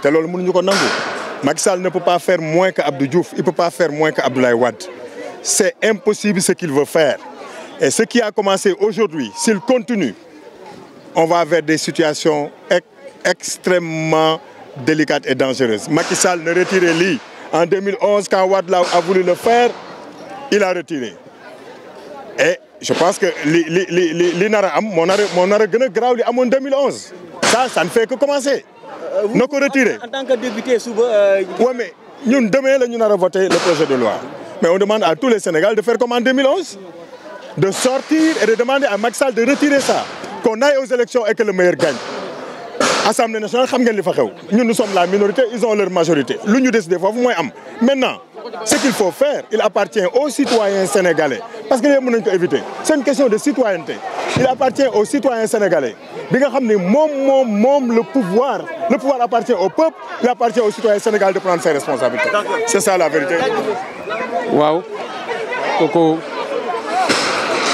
te loolu mënuñu ko nangu Macky Sall ne peut pas faire moins que Abdou Diouf il peut pas faire moins que Abdoulaye Wade c'est impossible ce qu'il veut faire et ce qui a commencé aujourd'hui s'il continue on va vers des situations extrêmement délicates et dangereuses Macky Sall ne retirait lii en 2011 quand Wade la voulu le faire il a retiré et je pense que li li li li nar a am moo nar moo nar gën a graaw li amoon 2011 ça ça ne fait que commencer Euh, na ko retirer en tant que député suba. waaw euh, mais ñun demain la ñu nar a voter le projet de loi mais on demande à tous les Sénégalais de faire comme en 2011 de sortir et de demander à Macky Sall de retirer ça qu'on aille aux élections et que le meilleur gagne. Assemblée nationale xam ngeen la minorité ils leur majorité lu ñu décidé foofu mooy am maintenant. ce qu'il faut faire il appartient aux citoyens sénégalais parce que léegi mën nañu ko éviter c'est une question de citoyenneté il appartient aux citoyens sénégalais bi nga xam ne moom moom moom le pouvoir le pouvoir appartient au peuple il appartient aux citoyens sénégalais de prendre ses responsabilités c'est ça la vérité waaw kooku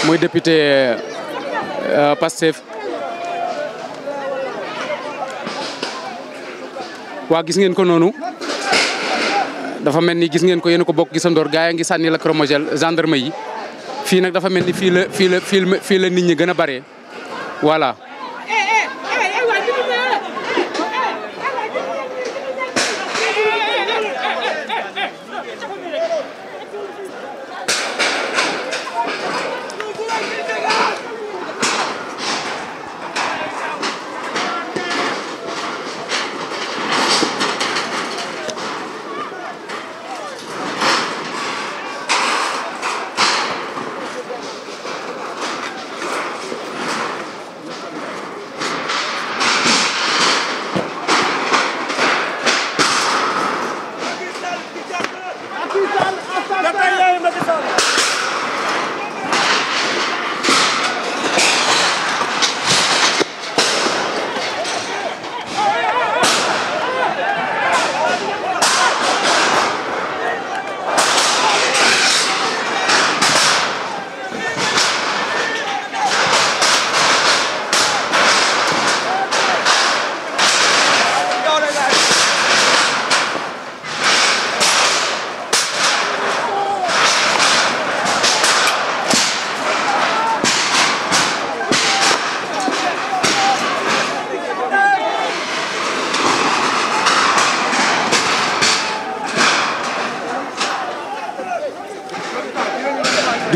muy député euh, Pastef waa gis ngeen ko noonu dafa mel ni gis ngeen ko yéen ko bokk gisandoor gaa yi ngi sànni lacrymogène gendarme yi fii nag dafa mel ni fii la fii la fii la nit ñi gën a bare voilà.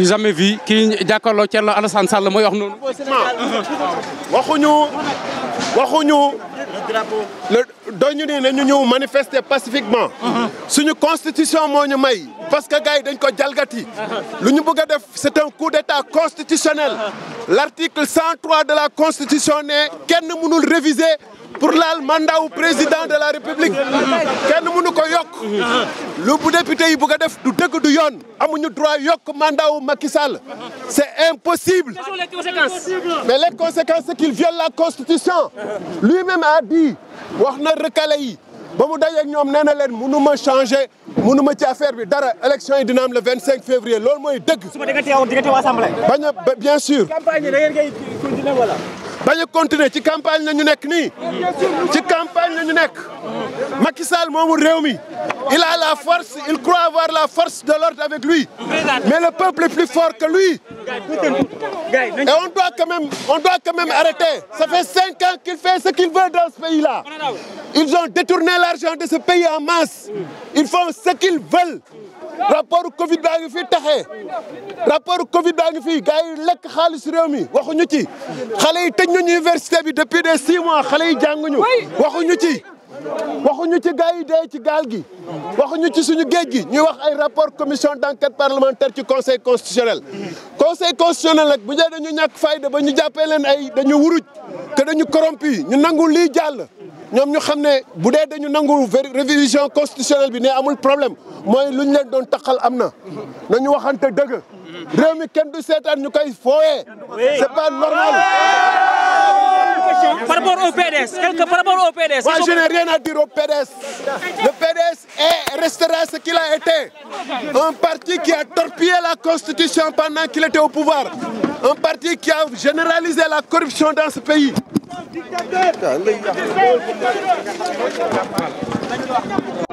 du jamais vu kii jàkkaarloo Thierno Alassane Sall mooy wax noonu. waxuñu waxuñu. le doñu ñu ñëw manifester pacifiquement. suñu constitution moo ñu may. parce que gars yi dañ ko jalgati. lu ñu bëgg def c' est un coup d' constitutionnel. l' de la constitution ne kenn mënul réviser. pour laal mandat wu président de la république kenn mënu ko yokk lu bu député yi bëgg a def du dëgg du yoon amuñu droit yokk mandat wu Macky Sall c'est impossible mais les conséquences c'est qu'il viole la constitution lui-même a dit wax na recalé yi ba mu dajeeg ñoom nee na leen munu ma changé munu ma ci affaire bi dara élection yi dina am le 25 loolu mooy dëgg. suba da nga bien sûr. campagne da ci campagne la ñu nekk nii. ci campagne. montagne la ñu nekk Macky Sall moomul réew mi il a la force il croit avoir la force de l'ordre avec lui mais le peuple est plus fort que lui et on doit quand même on doit quand même arrêter ça fait cinq ans qu'il fait ce qu'il veut dans ce pays là ils ont détourné l'argent de ce pays en masse ils font ce qu'ils veulent rapport Covid baa ngi fi texe rapport Covid baa ngi fi gars yi lekk xaalis réew mi waxuñu ci. xale yi tëj nañu université bi depuis des six mois xale yi jànguñu waxuñu ci. waxuñu ci gars yi dee ci gaal gi waxuñu ci suñu géej gi ñuy wax ay rapport commission d'enquête parlementaire ci conseil constitutionnel conseil constitutionnel nag bu ñu dañu ñàkk fayda ba ñu jàppee leen ay dañu wuruj te dañu corrompu ñu nangu lii jàll ñoom ñu xam ne bu dee dañu nangu révision constitutionnelle bi ne amul problème mooy lu ñu leen doon taxal am na nañu waxante dëgg réew kenn du seetaan ñu kay fooyee c'est pas normal par rapport au PDS par rapport au moi je n'ai rien à dire au PDS le PDS est restera ce qu'il a été un parti qui a torpillé la constitution pandant qu'il était au pouvoir un parti qui a généraliser la corruption dans ce pays waaw